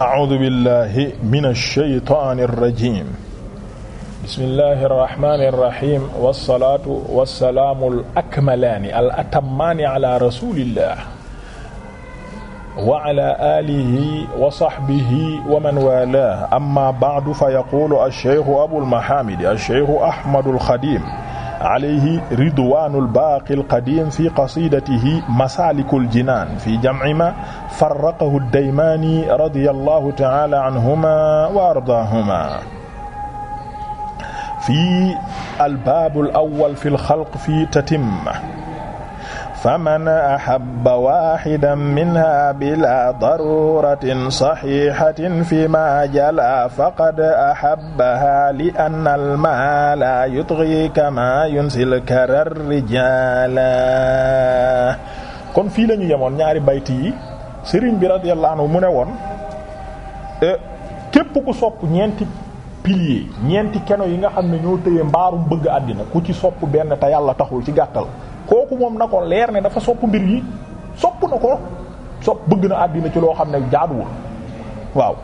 a'uudu billahi mina shaytaani rajiim bismillahi irrahmani irrahim walsalaatu walsalaamu al akmalaani al atammaani ala rasulillah wa ala alihi wa sahbihi wa man walah amma ba'du fa yaquulu alcheikhu abulmahamidi alcheikhu ahmadu alxadim alayhi ridwanul baaqil qadim fi qasidatihi masalikul jinaan fi jam'i ma farraqahu ad-daymani radiyallahu ta'ala anhuma wa ardaahuma fi al-baab al-awwal fi al-khalq fi tatimma faman axabba waxidan minha bila daruratin saxihatin fi ma jala faqad axabbaha li anna almaa la yutgi kama yunsil karar rijala kon fii la ñu yemoon ñaari bayt yi sëriñ bi radiyallahu anhu mu ne woon eh, képp ku sopp ñeenti piliers ñeenti keno yi nga xam ne ñoo tëye mbaarum bëgg àddina ku ci sopp benn te yàlla taxul ci gàttal kooku moom na ko leer ne dafa sopp mbir yi soppu na ko sopp bëgg na àddina ci loo xam ne jaaduwul waaw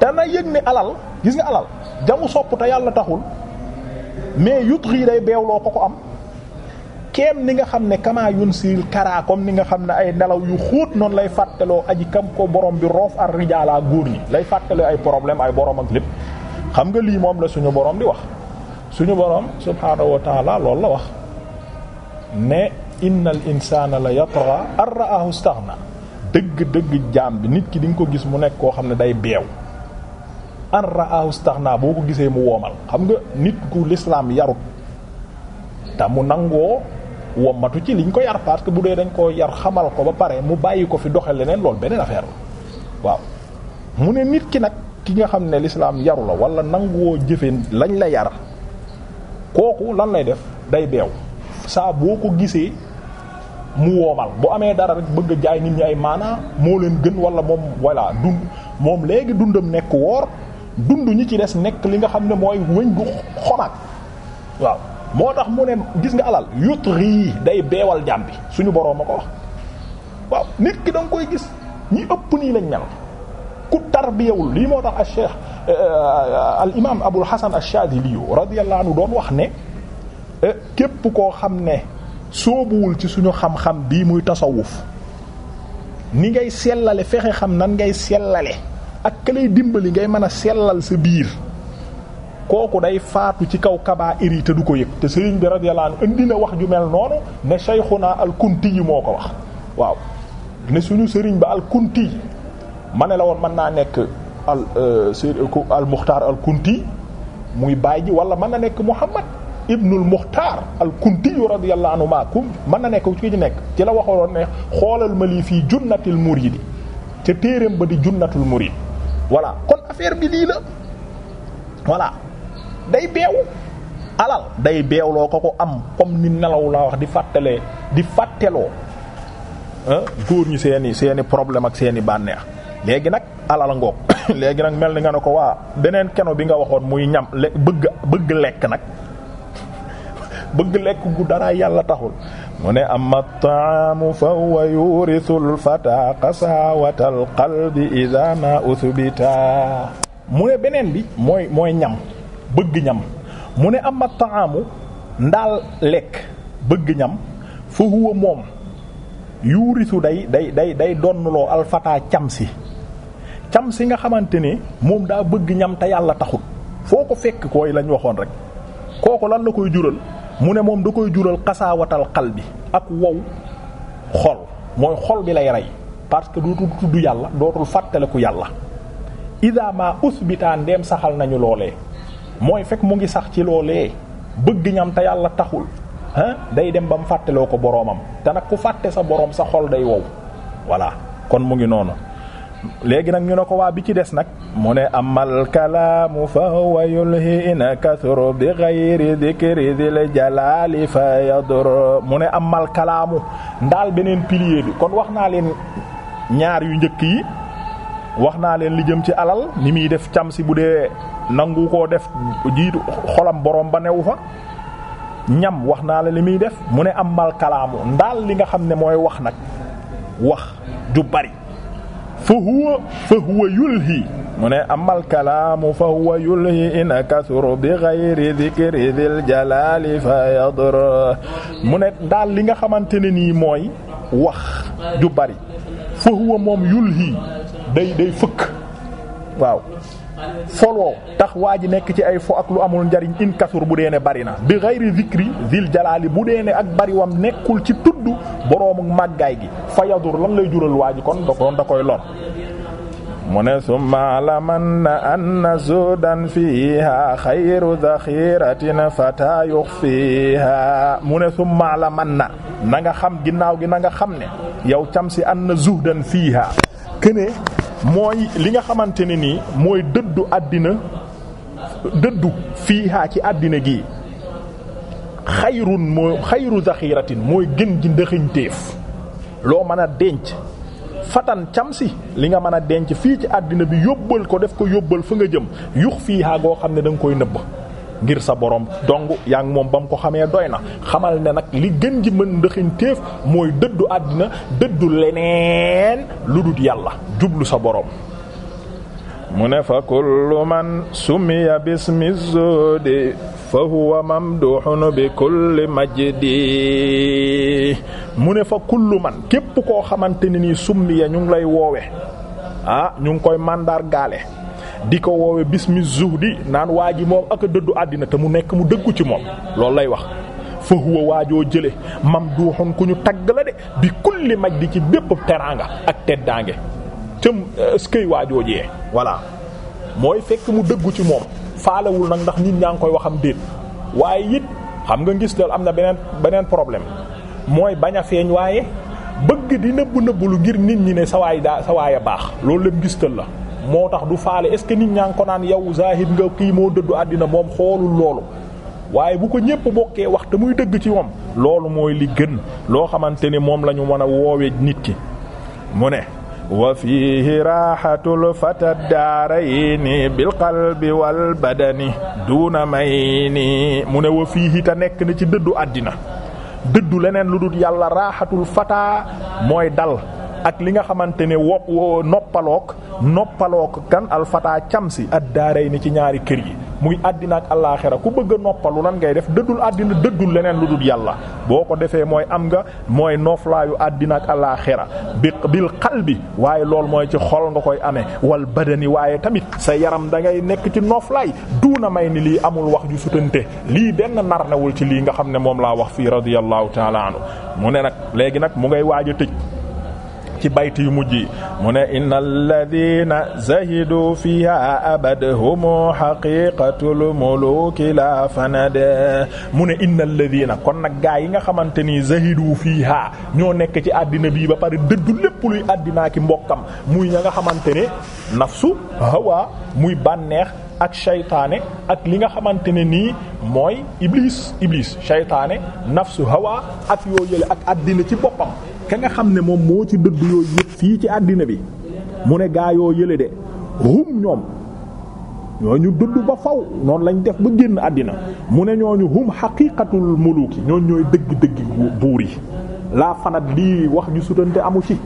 te na yëg ne alal gis nga alal jamu sopp te yàlla taxul mais yut rii day beewloo ko ko am keem ni nga xam ne kamaa yun sil karaa comme ni nga xam ne ay nelaw yu xóot noonu lay fàtteloo aji kam ko borom bi roof ar rijalaa góor ñi lay fàttaloo ay problème ay borom ak lépp xam nga lii moom la suñu borom di wax suñu borom subhaanahu wa taala loolu la wax ne innal insana la yatgha ar ra'ahu istaghna dëgg-dëgg jaam bi nit ki di ko gis mu nekk koo xam ne day beew ar ra'ahu istaghna boo ko gisee mu woomal xam nga nit ku l'islam yaru te mu nangoo matu ci liñ ko yar parce que bu dee dañ koo yar xamal ko ba pare mu bàyyi ko fi doxe leneen lool beneen affaire la waaw mu ne nit ki nag ki nga xam ne l'islam yaru la wala nanguwoo jëfe lañ la yar kooku lan lay def day beew saa boo ko gisee mu woomal bu amee dara rek bëgg a jaay nit ñi ay maanaa moo leen gën wala moom voilà dund moom léegi dundam nekk woor dund ñi ci des nekk li nga xam ne mooy wëñ gu xomaat waaw moo tax mu ne gis nga alal yut rii day beewal jaam bi suñu boroom a ko wax waaw nit ki da koy gis ñi ëpp nii lañ mel ku tarbiyewul lii moo tax al cheikh euh, euh, al imam abul hasan ash-shadili radiyallahu anhu doon wax ne Eh, képp koo xam ne soobuwul ci suñu xam-xam bii muy tasawuf ni ngay sellale fexe xam nan ngay sellale ak ka dimbali ngay mën a sellal sa biir kooku day faatu ci kaw kabaa iri te du ko yëg te sëriñ bi radiyallahu anhu indi na wax ju mel noonu ne Sayxuna al-Kunti yi moo ko wax waaw ne suñu sëriñ ba al-Kunti ma ne la woon mën naa nekk al euh, al Muxtaar al-Kunti muy baay ji wala mën na nekk Muhammad ibnul muxtaar al kuntiyu radiyallahu anhu kum mën na nekk ku ci nekk ci la waxoon ne xoolal ma lii fii junnatil muridi te téereem ba di junnatul murid voilà kon affaire bi lii la voilà day beew alal day loo ko ko am comme ni nelaw laa wax di fàttalee di fàtteloo góor ñu seeni seeni problème ak seeni bànneex léegi nag alal ngoog léegi nag mel ni nga ne ko waa beneen keno bi nga waxoon muy ñam le bëgg lekk nag bëgg lekk gu dara yàlla taxul mu ne amma taamu fa huwa yurisul fata qasaawatal qalbi idha ma uthbita mu ne beneen bi mooy mooy ñam bëgg ñam mu ne amma taamu ndaal lekk bëgg ñam fa huwa moom yuurisu day day day day donnloo alfataa cam si cam si nga xamante ne moom daa bëgg ñam te yàlla taxut foo ko fekk koy lañ waxoon rek kooku lan la koy jural mu ne moom du koy jural xasaawatal xal bi ak wow xol mooy xol bi lay rey parce que dootul tudd yàlla dootul fàttaliku yàlla ida ma usbitaan ndeem saxal nañu loolee mooy fekk mu ngi sax ci loolee bëgg ñam te yàlla taxul ah day dem ba mu fàttaloo ko boroomam te nag ku fàtte sa boroom sa xol day wow voilà kon mu ngi noonu léegi nag ñu ne ko waa bi ci des nag mu ne amal kalaamu fa wa yulhi ina kasru bi ghayri dhikri dhil jalali fa yadur mu ne amal kalaamu ndaal beneen pilier bi kon wax naa leen ñaar yu njëkk yi wax naa leen li jëm ci alal ni muy def cam si bu dee nangu koo def jiitu xolam boroom ba newu fa ñam wax naa la li muy def mu ne amal kalaamu ndaal li nga xam ne mooy wax nag wax ju bari fa huwa fa huwa yulhi mu ne amal fa huwa yulhi in kasuru bi ghayri dhikri dhil jalali fa yadur mu daal li nga xamante ne nii mooy wax ju fa huwa moom yulhi day day fëkk waaw foloo tax waa ji nekk ci ay fo lu amul njariñ in kasur bu dee bari na bi ghayri zikri zil jalaali bu dee ak bari bariwam nekkul ci tudd boroomug màggaay gi fayadur lan lay jural waa ji kon da doon da koy lor mu ne summa laman na anna zudan fiha xayru daxiratin fata yuxfiha mu ne summa laman na na nga xam ginnaaw gi na nga xam ne yow cam si anna zuhdan fiha kene mooy li nga xamante ne nii mooy dëddu àddina dëddu fii ci àddina gi xayrun moo xayru zaxiratin mooy gën ji ndëxëñteef loo mën a denc fatan cam si li nga mën a denc fii ci àddina bi yóbbal ko def ko yóbbal fa nga jëm yux fii haa goo xam ne danga koy nëbb ngir sa borom dong yaa moom ba mu ko xamee doy na xamal ne nag li gën ji mën ndëxinteef mooy dëddu àddina dëddu leneen lu yàlla jublu sa borom. mu ne fa kullu man sumiya bismi zuhdi fa huwa mamduhun bi kulli majdi mu ne fa kullu man képp koo xamante ni nii summiya ñu lay woowe ah ñu ngi koy màndargaale di ko woowe bismi di naan waa ji moom ak dëddu àddina te mu nekk mu dëggu ci moom loolu lay wax fa waajoo jële mam mamduhun ku ñu tagg la de bi kulli maj di ci bépp teraanga ak teddaange cam euh, skey waajoo jee voilà mooy fekk mu dëggu ci moom faalewul nag ndax nit ñaa koy waxam déet waaye it xam nga ngis loolu am na beneen beneen problème mooy bañ a feeñ waaye bëgg di nëbb nëbbulu ngir nit ñi ne sa waay daa sa waay a baax loolu lépp ngistal la moo tax du faale est ce que nit ñaa naan yow zahid nga kii moo dëddu àddina moom xoolul loolu waaye bu ko ñépp bokkee wax muy dëgg ci moom loolu mooy li gën loo xamante ni moom la ñu mën a woowe nit ki mu ne wa fiihi raxatul fata daarayni bil qalbi wal badani duuna may ni mu ne wa fiihi ta nekk na ci dëddu àddina dëddu leneen lu dul yàlla raxatul fata mooy dal ak li nga xamante ne woo noppalook noppalook kan alfataa camsi ad daaray ni ci ñaari kër yi muy àddina ak ku bëgg noppalu lan ngay def dëddul àddina dëddul leneen lu dul yàlla boo ko defee mooy am nga mooy nooflaayu àddina alaaxera allaaxira bi bil bi waaye lool mooy ci xol nga koy amee wal badani waaye tamit sa yaram da ngay nekk ci nooflaay duuna may ni lii amul wax ju sutante lii benn nar newul ci lii nga xam ne moom laa wax fii radiyallahu taala anhu mu ne nag léegi nag mu ngay waaj a ci bayt yu mujj yi mu ne inna alladina zahidu fiha abadhumu haqiqatul muluki la fanad mu ne inna alladina kon nag gaa yi nga xamante ni zahidu fiha ñoo nekk ci àddina bii ba pare dëddu lépp luy àddinaa ki mbokkam muy ña nga xamante ne nafsu hawa muy bànneex ak shaytaane ak li nga xamante ne nii mooy iblis iblis shaytaane nafsu hawa ak yële ak àddina ci boppam ka nga xam ne moom moo ci dëdd yooyu yëpp fii ci àddina bi mu ne gaa yoo yële de hum ñoom ñu dëdd ba faw noonu lañ def ba génn àddina mu ne ñooñu hum xaqiiqatul muluki ñoo ñooy dëgg dëgg buur yi laa fanat lii wax ju sutante amu ci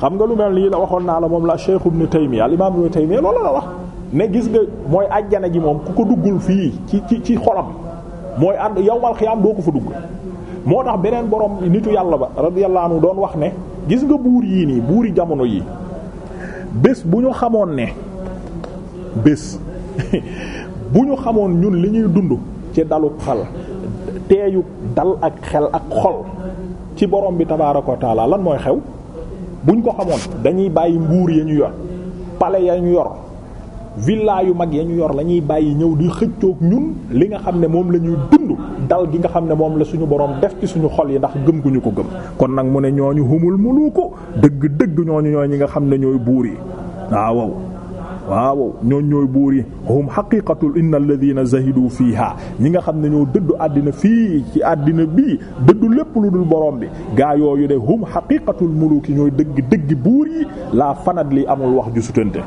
xam nga lu mel nii la waxoon naa la moom la Cheikh Ibn Taymiyya al imam Ibn loolu la wax ne gis nga mooy ajjana ji moom ku ko duggul fii ci ci ci xolam mooy ànd yawmal xiyaam doo ko fa dugg moo tax beneen borom bi nitu yàlla ba radiyallahu anhu doon wax ne gis nga buur yii nii buuri jamono yi bés bu ñu xamoon ne bés bu ñu xamoon ñun li ñuy dund ci dalu xal teeyu dal ak xel ak xol ci borom bi tabaaraka wa lan mooy xew buñ ko xamoon dañuy bàyyi mbuur ya ñu yor pale ya ñu yor villa yu mag ya ñu yor la ñuy bàyyi ñëw di xëccoog ñun li nga xam ne moom la ñuy dund dal gi nga xam ne moom la suñu borom def ci suñu xol yi ndax gëm gu ñu ko gëm kon nag mu ne ñoo ñooñu humul muluuku dëgg dëgg ñu ñooy ñi nga xam ne ñooy buur yi waaw waaw ñooñ ñooy buur yi hum xaqiqatul inna alladhina zahidu fiiha ñi nga xam ne ñoo dëddu àddina fii ci àddina bii dëddu lépp lu dul borom bi gaa yooyu de hum xaqiqatul muluki ñooy dëgg dëgg buu laa fanat li amul wax ju sutante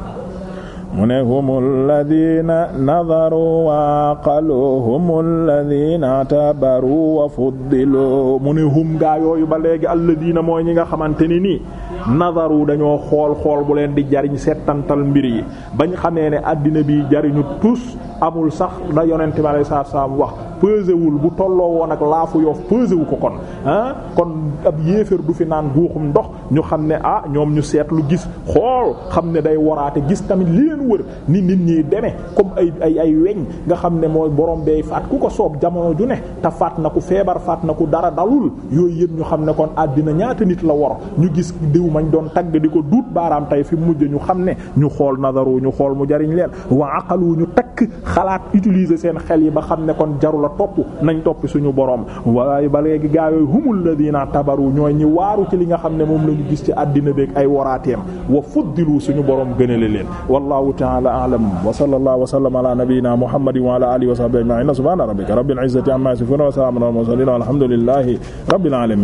mu ne humu alladina nadaru wa aqalu humu alladina atabaru wa fuddilu mu ne hum gaa yooyu ba léegi alladina mooy ñi nga xamante ni nii wu dañoo xool xool bu leen di jariñ settantal mbir yi bañ xamee ne àddina bi jariñu tus amul sax da yonente bi alayhi salaatu salaam wax pesewul bu tolloo woon ak laafu yoof pesewu ko kon ah kon ab yéefér du fi naan guuxum ndox ñu xam ne ah ñoom ñu seetlu gis xool xam ne day waraate gis tamit li leen wër ni nit ñiy demee comme ay ay ay weñ nga xam ne mooy borom bay faat ku ko soob jamono ju ne te faat na ku feebar faat na ku dara dalul yooyu yëpp ñu xam ne kon àddina ñaata nit la wor ñu gis mañ doon tagg di ko duut baaraam tey fi mujj ñu xam ne ñu xool nadaru ñu xool mu jariñ leen wa aqalu ñu takk xalaat utiliser seen xel yi ba xam ne kon jarula topp nañ topp suñu borom waaye ba léegi gaa yooyu humul ladina li nga xam ne moom la ñu gis ci àddina beeg ay wa fuddilu suñu borom gënale leen wallahu ta'ala a'lam wa sallallahu wa sallama ala nabiyyina muhammadin wa ala alihi wa sahbihi ajma'in subhana rabbika rabbil izzati amma yasifun wa salamun alal mursalin walhamdulillahi rabbil alamin